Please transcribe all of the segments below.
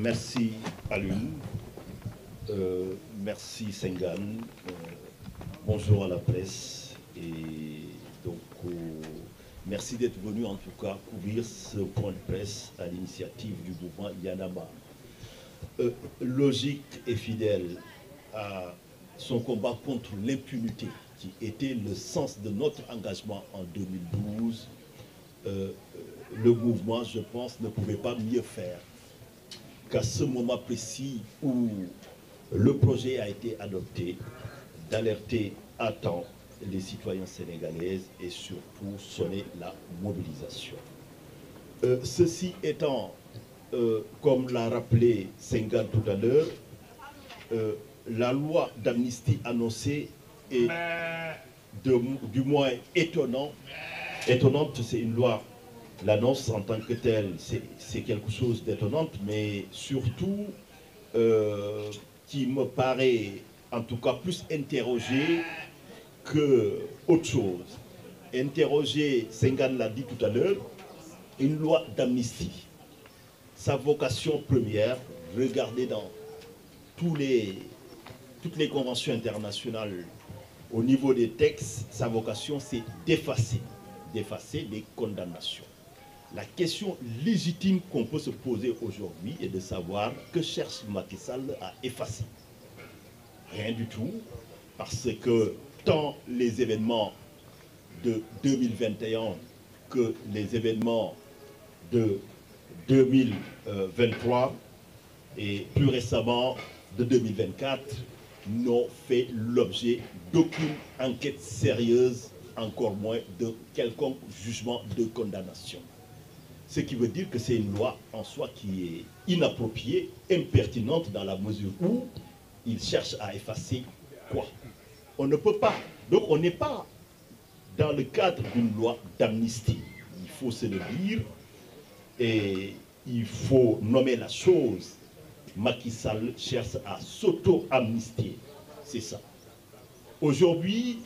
merci Alun, euh, merci Sengan, euh, bonjour à la presse et donc euh, merci d'être venu en tout cas couvrir ce point de presse à l'initiative du mouvement Yanaba. Euh, logique et fidèle à son combat contre l'impunité qui était le sens de notre engagement en 2012, le mouvement, je pense, ne pouvait pas mieux qu'à ce moment précis où le projet a été adopté, d'alerter à temps les citoyens sénégalaises et surtout sonner la mobilisation. Euh, ceci étant, euh, comme l'a rappelé Senghane tout à l'heure, euh, la loi d'amnistie annoncée est de, du moins étonnant. étonnante. Étonnante, c'est une loi L'annonce en tant que telle, c'est quelque chose d'étonnante, mais surtout euh, qui me paraît en tout cas plus interrogée que autre chose. Interroger, Sengan l'a dit tout à l'heure, une loi d'amnistie. Sa vocation première, regardez dans tous les, toutes les conventions internationales au niveau des textes, sa vocation c'est d'effacer, d'effacer les condamnations. La question légitime qu'on peut se poser aujourd'hui est de savoir que cherche Macky Sall à effacer. Rien du tout, que tant les événements de 2021 que les événements de 2023 et plus récemment de 2024 n'ont fait l'objet d'aucune enquête sérieuse, encore moins de quelconque jugement de condamnation. Ce qui veut dire que c'est une loi en soi qui est inappropriée, impertinente dans la mesure où il cherche à effacer quoi On ne peut pas. Donc on n'est pas dans le cadre d'une loi d'amnistie. Il faut se le dire et il faut nommer la chose. Macky Sall cherche à s'auto-amnistier. C'est ça. Aujourd'hui,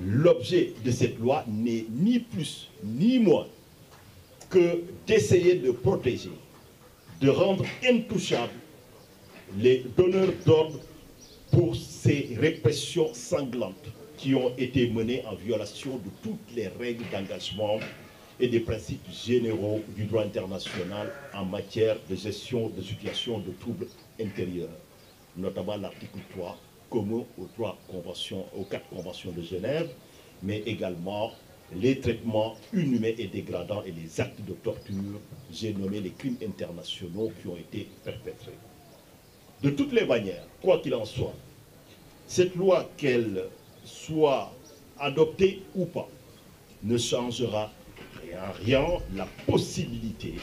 l'objet de cette loi n'est ni plus ni moins que d'essayer de protéger, de rendre intouchables les donneurs d'ordre pour ces répressions sanglantes qui ont été menées en violation de toutes les règles d'engagement et des principes généraux du droit international en matière de gestion de situations de troubles intérieurs, notamment l'article commun aux quatre conventions de Genève, mais également les traitements inhumains et dégradants et les actes de torture, j'ai nommé les crimes internationaux qui ont été perpétrés. De toutes les manières, quoi qu'il en soit, cette loi, qu'elle soit adoptée ou pas, ne changera rien, rien la possibilité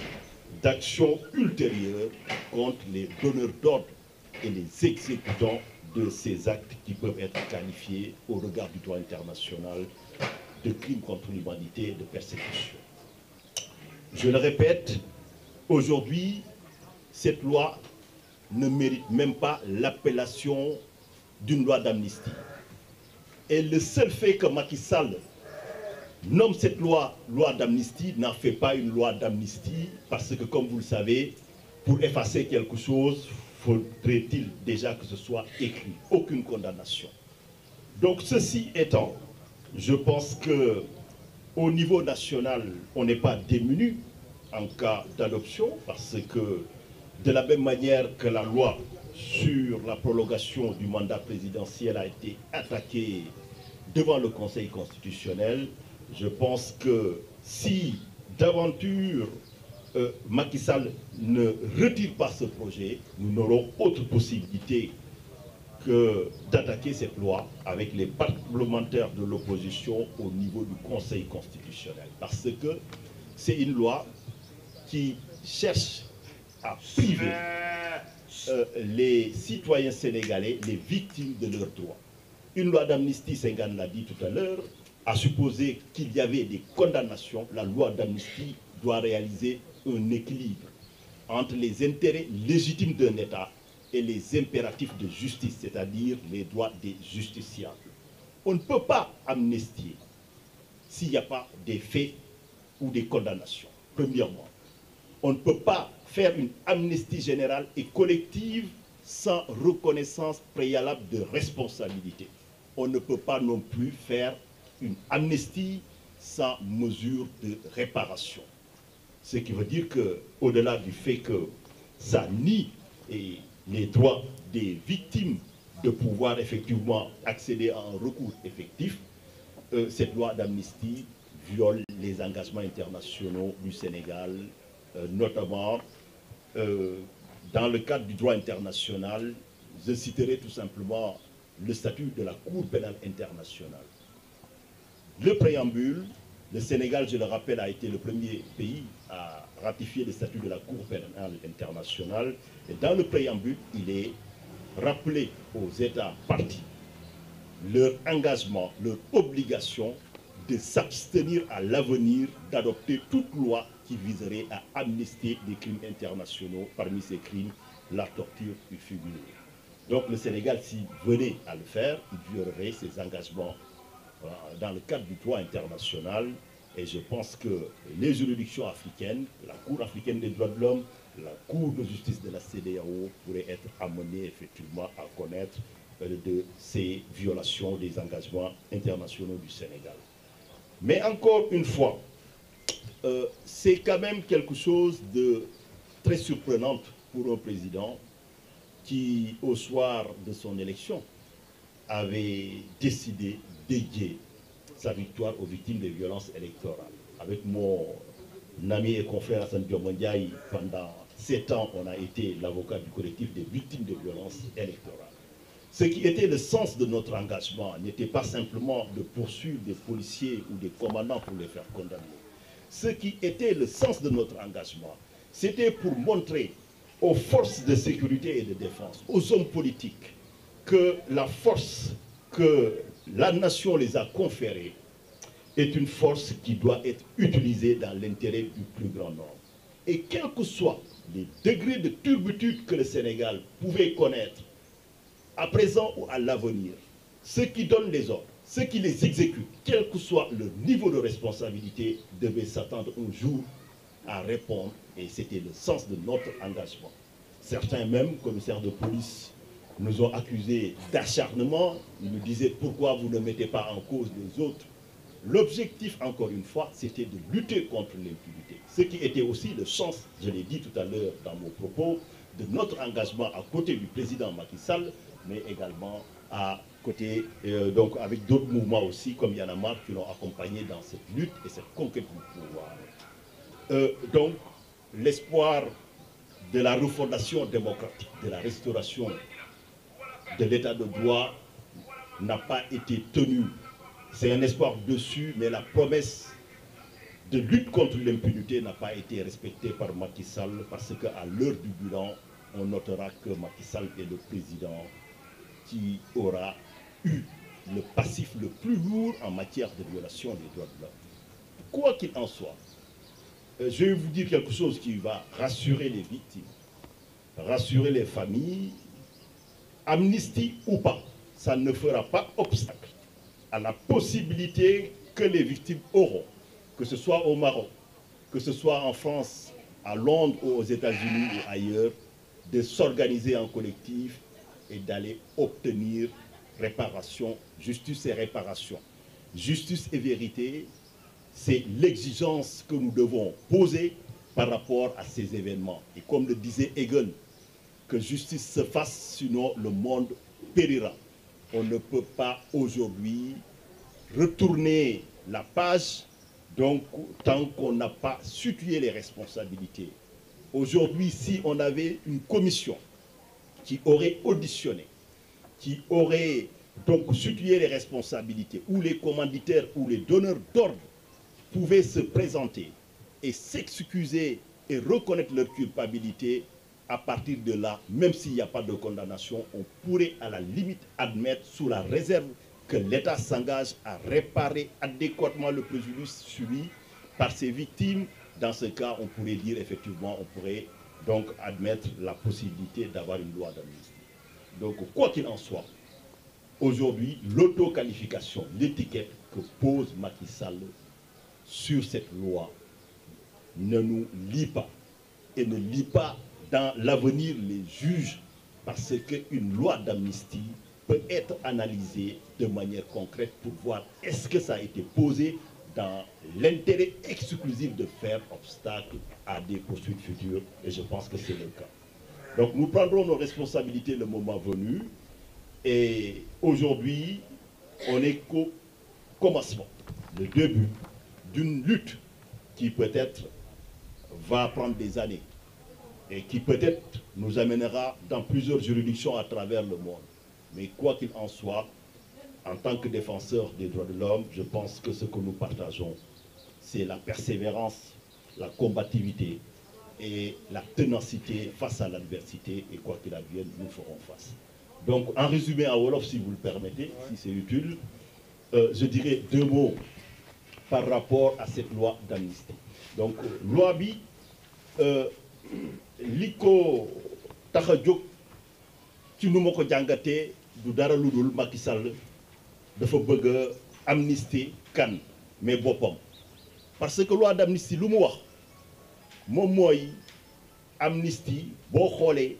d'actions ultérieures contre les donneurs d'ordre et les exécutants de ces actes qui peuvent être qualifiés au regard du droit international de crimes contre l'humanité et de persécution. Je le répète, aujourd'hui, cette loi ne mérite même pas l'appellation d'une loi d'amnistie. Et le seul fait que Macky Sall nomme cette loi loi d'amnistie n'en fait pas une loi d'amnistie parce que, comme vous le savez, pour effacer quelque chose, faudrait-il déjà que ce soit écrit. Aucune condamnation. Donc, ceci étant, Je pense que au niveau national, on n'est pas démuni en cas d'adoption parce que de la même manière que la loi sur la prolongation du mandat présidentiel a été attaquée devant le Conseil constitutionnel, je pense que si d'aventure euh, Macky Sall ne retire pas ce projet, nous n'aurons autre possibilité que d'attaquer cette loi avec les parlementaires de l'opposition au niveau du Conseil constitutionnel. Parce que c'est une loi qui cherche à priver euh, les citoyens sénégalais, les victimes de leurs droits. Une loi d'amnistie, Sengan l'a dit tout à l'heure, a supposé qu'il y avait des condamnations. La loi d'amnistie doit réaliser un équilibre entre les intérêts légitimes d'un État et les impératifs de justice, c'est-à-dire les droits des justiciables. On ne peut pas amnestier s'il n'y a pas des faits ou des condamnations, premièrement. On ne peut pas faire une amnistie générale et collective sans reconnaissance préalable de responsabilité. On ne peut pas non plus faire une amnistie sans mesure de réparation. Ce qui veut dire que, delà du fait que ça nie les droits des victimes de pouvoir effectivement accéder à un recours effectif, euh, cette loi d'amnistie viole les engagements internationaux du Sénégal, euh, notamment euh, dans le cadre du droit international. Je citerai tout simplement le statut de la Cour pénale internationale. Le préambule, le Sénégal, je le rappelle, a été le premier pays ratifié le statut de la Cour pénale internationale. Et dans le préambule, il est rappelé aux États partis leur engagement, leur obligation de s'abstenir à l'avenir d'adopter toute loi qui viserait à amnister des crimes internationaux. Parmi ces crimes, la torture y figure. Donc le Sénégal, s'il venait à le faire, il violerait ses engagements euh, dans le cadre du droit international Et je pense que les juridictions africaines, la Cour africaine des droits de l'homme, la Cour de justice de la CDAO pourraient être amenées effectivement à connaître euh, de ces violations des engagements internationaux du Sénégal. Mais encore une fois, euh, c'est quand même quelque chose de très surprenant pour un président qui, au soir de son élection, avait décidé d'aider sa victoire aux victimes des violences électorales. Avec mon ami et confrère Hassan Diomondiaï, pendant sept ans, on a été l'avocat du collectif des victimes de violences électorales. Ce qui était le sens de notre engagement n'était pas simplement de poursuivre des policiers ou des commandants pour les faire condamner. Ce qui était le sens de notre engagement, c'était pour montrer aux forces de sécurité et de défense, aux hommes politiques, que la force que la nation les a conférés est une force qui doit être utilisée dans l'intérêt du plus grand nombre. Et quels que soient les degrés de turbitude que le Sénégal pouvait connaître, à présent ou à l'avenir, ceux qui donnent les ordres, ceux qui les exécutent, quel que soit le niveau de responsabilité, devaient s'attendre un jour à répondre. Et c'était le sens de notre engagement. Certains même, commissaires de police, nous ont accusés d'acharnement. Ils nous disaient pourquoi vous ne mettez pas en cause les autres. L'objectif, encore une fois, c'était de lutter contre l'impunité. Ce qui était aussi le sens, je l'ai dit tout à l'heure dans mon propos, de notre engagement à côté du président Macky Sall, mais également à côté, euh, donc avec comme Yanamar, qui l'ont accompagné dans cette lutte et cette conquête du pouvoir. Euh, donc, l'espoir de la refondation démocratique, de la restauration de l'état de droit n'a pas été tenue. C'est un espoir dessus, mais la promesse de lutte contre l'impunité n'a pas été respectée par Macky Sall parce qu'à l'heure du bilan, on notera que Macky Sall est le président qui aura eu le passif le plus lourd en matière de violation des droits de l'homme. Quoi qu'il en soit, euh, je vais vous dire quelque chose qui va rassurer les victimes, rassurer les familles amnistie ou pas, ça ne fera pas obstacle à la possibilité que les victimes auront, que ce soit au Maroc, que ce soit en France, à Londres ou aux États-Unis ou ailleurs, de s'organiser en collectif et d'aller obtenir réparation, justice et réparation. Justice et vérité, c'est l'exigence que nous devons poser par rapport à ces événements. Et comme le disait Hegel, que justice se fasse, sinon le monde périra. On ne peut pas aujourd'hui retourner la page, donc tant qu'on n'a pas situé les responsabilités. Aujourd'hui, si on avait une commission qui aurait auditionné, qui aurait donc situé les responsabilités, où les commanditaires ou les donneurs d'ordre pouvaient se présenter et s'excuser et reconnaître leur culpabilité, à partir de là, même s'il n'y a pas de condamnation, on pourrait à la limite admettre sous la réserve que l'État s'engage à réparer adéquatement le préjudice subi par ses victimes. Dans ce cas, on pourrait dire effectivement, on pourrait donc admettre la possibilité d'avoir une loi d'amnistie. Donc, quoi qu'il en soit, aujourd'hui, l'étiquette que pose Macky sur cette loi ne lie pas et ne lie pas dans l'avenir les juges parce qu'une loi d'amnistie peut être analysée de manière concrète pour voir est-ce que ça a été posé dans l'intérêt exclusif de faire obstacle à des poursuites futures. Et je pense que c'est le cas. Donc nous prendrons nos responsabilités le moment venu. Et aujourd'hui, on est qu'au commencement, le début d'une lutte qui peut-être va prendre des années, et qui peut-être nous amènera dans plusieurs juridictions à travers le monde. Mais quoi qu'il en soit, en tant que défenseur des droits de l'homme, je pense que ce que nous partageons, c'est la persévérance, la combativité et la ténacité face à l'adversité. Et quoi qu'il advienne, nous ferons face. Donc, en résumé à Wolof, si vous le permettez, si c'est utile, euh, je dirais deux mots par rapport à cette loi d'amnistie. Donc, euh, loi bi, euh, li ko tax a jóg ci nu ma ko jàngatee du dara lu dul Sall dafa bëgg a amnistie kan mais boppam parce que loi d'amnistie lu mu wax moom mooy amnistie boo xoolee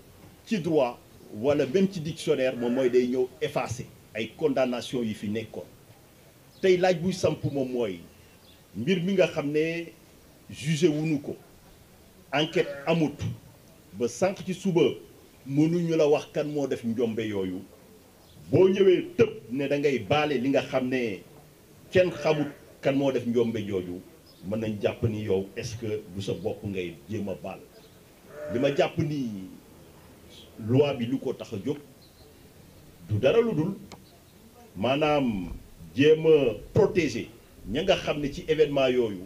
ci droit wala même ci dictionnaire moom mooy day ñëw effacer ay condamnation yi fi nekkoon tey laaj buy samp ma mooy mbir mi nga xam ne jugé wuñu ko enquête amut ba sànq ci suba mënuñu la wax kan moo def njombe yooyu boo ñëwee tëb ne da ngay baale li nga xam ne kenn xamut kan moo def njombe jooju mën nañ jàpp ni yow est-ce du sa bopp ngay jéem a baal li ma jàpp ni loi bi lu ko tax a jóg du dara lu dul maanaam jéem a protéger ña nga xam ne ci événement yooyu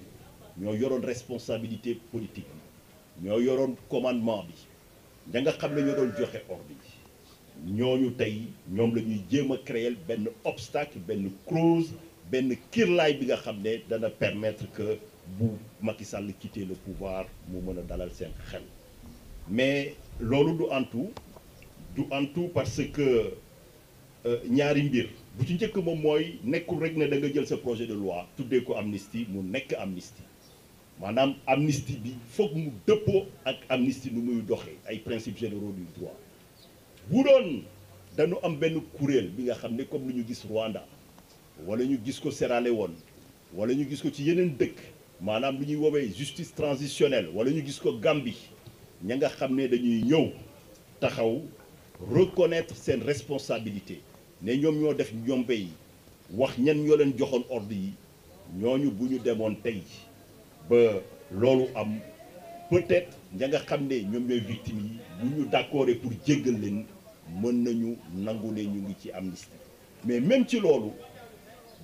ñoo yoroon responsabilité politique bi ñoo yoroon commandement bi ña nga xam ne ñoo doon joxe ordre yi ñooñu tey ñoom la ñuy jéem a créer benn obstacle benn clause benn kirlaay bi nga xam ne dana permettre que bu Macky Sall quitter le pouvoir mu mën a dalal seen xel mais loolu du antu du antu parce que euh, ñaari mbir bu ci njëkk moom mooy nekkul rek ne da nga jël sa projet de loi tuddee ko amnistie mu nekk amnistie maanaam amnistie bi foog mu dëppoo ak amnistie nu muy doxee ay principes généraux du droit bu doon am benn kuréel bi nga xam ne comme lu ñu gis Rwanda wala ñu gis ko Sierra woon wala ñu gis ko ci yeneen dëkk maanaam lu ñuy woowee justice transitionnelle wala ñu gis ko Gambie ña nga xam ne dañuy ñëw taxaw reconnaître seen responsabilité ne ñoom ñoo def njombe yi wax ñan ñoo leen joxoon ordre yi ñooñu bu ñu demoon tey ba loolu am peut-être ña nga xam ne ñoom ñooy victime yi bu ñu d'accord pour jéggal leen mën nañu nangu ne ñu ngi ci amnistie mais même ci loolu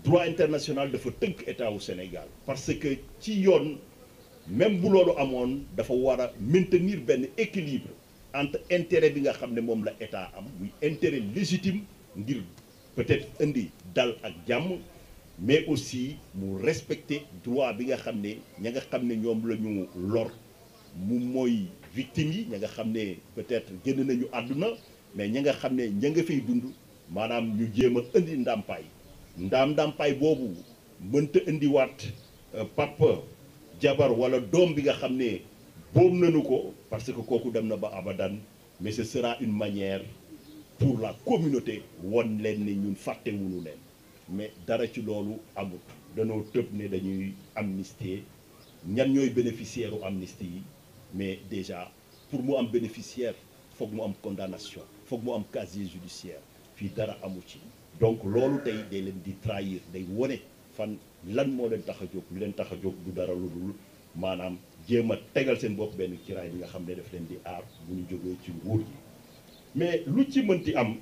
droit international dafa tënk état wu Sénégal parce que ci yoon même bu loolu amoon dafa war a maintenir benn équilibre entre intéret bi nga xam ne moom la état am muy intérêt légitime ngir peut-être indi dal ak jàmm mais aussi mu respecte droit bi nga xam ne ña nga xam ne ñoom la ñu lor mu mooy victime yi ña nga xam ne peut-être génn nañu àdduna mais ña nga xam ne ña nga fay dund maanaam ñu jéem a indi ndàmpaay ndaam ndàmpaay boobu mënta indiwaat euh, papa jabar wala doom bi nga xam ne boobu nañu ko parce que kooku dem na ba abadan mais ce sera une manière pour la communauté won leen ni ñu fàttewuñu leen mais dara ci loolu amut danoo tëb ne dañuy amnistier ñan ñooy bénéficiaire u amnistie yi mais déjà pour mu am bénéficiaire foog mu am condamnation foog mu am casier judiciaire fii dara amu ci donc loolu tey day leen di trahir day wone fan lan moo leen tax a jóg lu leen tax a jóg du dara lu dul maanaam jéem a tegal seen bopp benn kiraay bi nga xam ne daf leen di aar bu ñu jógee ci nguur gi mais lu ci mënti am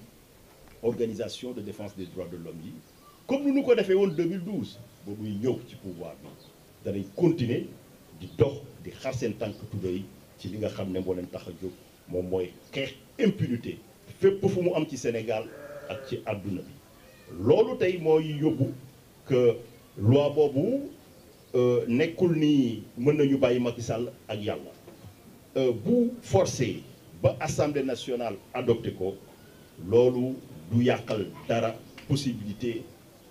organisation de défense des droits de l'homme yi comme nu ko defee woon 2012 ba muy ñëw ci pouvoir bi danañ continuer di dox di xar seen tànk tubéy ci li nga xam ne moo leen tax a jóg moom mooy xeex impunité fépp fu mu am ci Sénégal ak ci àdduna bi loolu tey mooy yóbbu que loi boobu euh, nekkul ni mën nañu bàyyi Macky Sall ak yàlla euh, bu forcé ba assemblée nationale adopté ko loolu du yàqal dara possibilité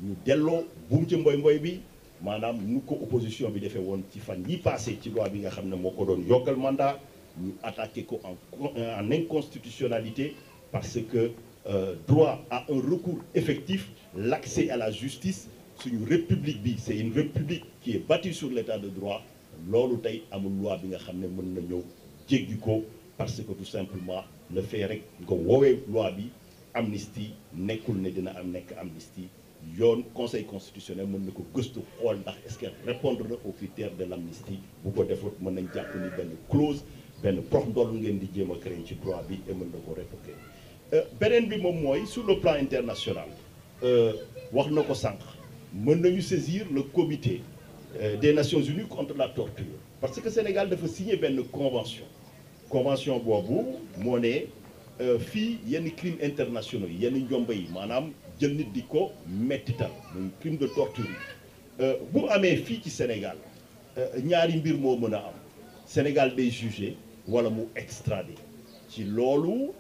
ñu delloo buum ci mboy mboy bi maanaam nu ko opposition bi defee woon ci fan yi passé ci loi bi nga xam ne moo ko doon yokkal mandat ñu attaqué ko en euh, en inconstitutionnalité parce que euh, droit à un recours effectif l'accès à la justice suñu république bi c'est une république qui est bâtie sur l'état de droit loolu tey amul loi bi nga xam ne mën na ñëw jéggi ko parce que tout simplement le fait rek nga woowee loi bi amnistie nekkul ne dina am nekk amnistie yoon conseil constitutionnel mën na ko gëstu xool ndax est-ce que répondre na aux critères de l'amnistie bu ko defut mën nañ jàpp ni benn clause benn prox ndoll ngeen di jéem a créer ci droit bi et mën na ko révoquer euh, beneen bi moom mooy sur le plan international euh, wax na ko sànq mën nañu saisir le comité euh, des Nations Unies contre la torture parce que Sénégal dafa signé benn convention convention boobu moo ne fii yenn crimes internationaux yi yenn njomba yi maanaam jël nit di ko mettital muy crime de torture euh, bu amee fii ci Sénégal euh, ñaari mbir moo mën a am Sénégal day jugé wala mu extradé ci loolu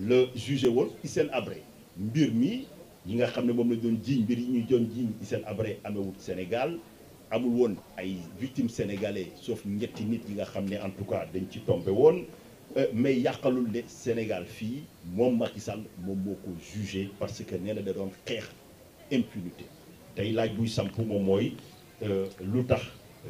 la jugé woon Hissène Habré mbir mi ñi nga xam ne moom la doon jiiñ mbir yi ñu doon jiiñ Hissène Habré amewut Sénégal amul woon ay victimes sénégalais sauf ñetti nit yi nga xam ne en tout cas dañ ci tombé woon Euh, mais yàqalul de Sénégal fii moom Macky Sall moom moo ko jugé parce que nee na da doon xeex impunité tey laaj buy samp moom mooy euh, lu tax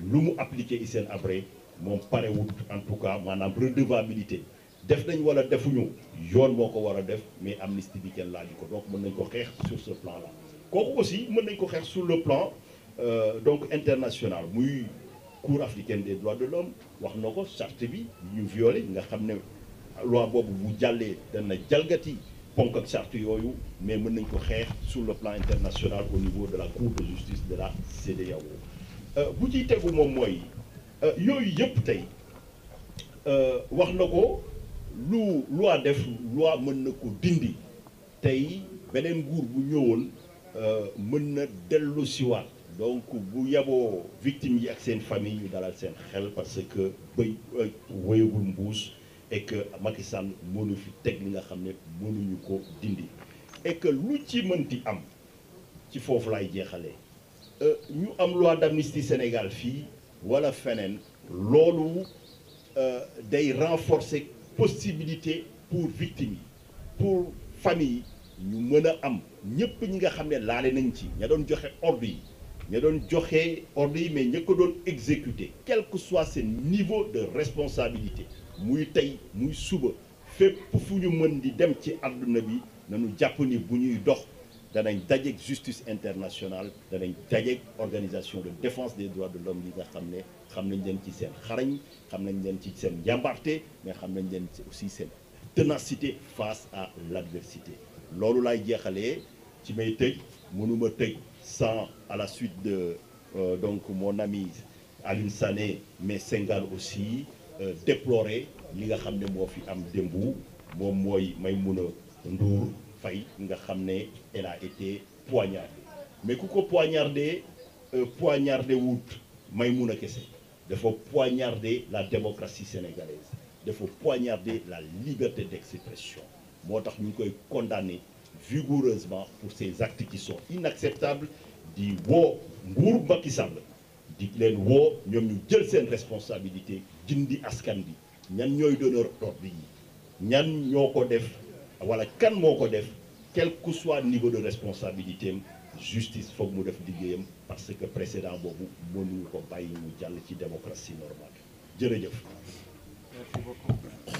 lu mu appliqué seen Habré moom parewut en tout cas maanaam redevabilité def nañ wala defuñu yoon moo ko war a def mais amnistie bi kenn laaju ko donc mën nañ ko xeex sur ce plan là kooku aussi mën nañ ko xeex sur le plan euh, donc international muy cour africaine des droits de l'homme wax na ko charte bi ñu violé nga xam ne loi boobu bu jàllee dana jalgati ponk ak charte yooyu mais mën nañ ko xeex sur le plan international au niveau de la cour de justice de la CEDEAO euh, bu ci tegu moom mooy euh, yooyu yëpp tey euh, wax na ko lu loi def loi mën na ko dindi tey beneen nguur bu ñëwoon mën na dellu siwaat donc bu yeboo victime yi ak seen famille yu dalal seen xel parce que béy euh, wéyagul mbuus et que Macky Sall mënu fi teg li nga xam ne mënuñu ko dindi et que lu ci mën mënti am ci foofu lay jeexalee euh, ñu am loi d'amnistie Sénégal fii wala feneen loolu euh, day renforcer possibilité pour victime yi pour famille yi ñu mën a am ñëpp ñi nga xam ne laale nañ ci ña doon joxe ordre yi ña doon joxe ordre yi mais ña ko doon exécuter quel que soit seen niveau de responsabilité muy tey muy suba fépp fu ñu mën di dem ci àdduna bi nañu jàpp ni bu ñuy dox danañ dajeeg justice internationale danañ dajeeg organisation de défense des droits de l'homme yi nga xam ne xam nañ leen ci seen xarañ xam nañ leen ci seen njàmbarte mais xam nañ leen aussi seen ténacité face à l'adversité loolu laay jeexalee ci may tëj mënuma tëj sans, à la suite de euh, donc, mon ami Aline mais Senghal aussi, euh, déplorer li nga xam ne moo fi am démbu moom mooy a Ndour Faye nga xam ne elle a été poignardée mais ku ko poignardé euh, poignardé wut Maïmouna kese dafa poignardé la démocratie sénégalaise dafa poignardé la liberté d'expression moo tax ñu koy condamné vigoureusement pour ces actes qui sont inacceptables di woo nguur Macky Sall di leen woo ñoom ñu jël seen responsabilité jindi askan bi ñan ñooy donneur d'ordre yi ñan ñoo ko def wala kan moo ko def quel que soit niveau de responsabilité am justice foog mu def liggéeyam parce que précédent boobu mënuñu ko bàyyi mu jàll ci démocratie normale jërëjëf. Merci beaucoup.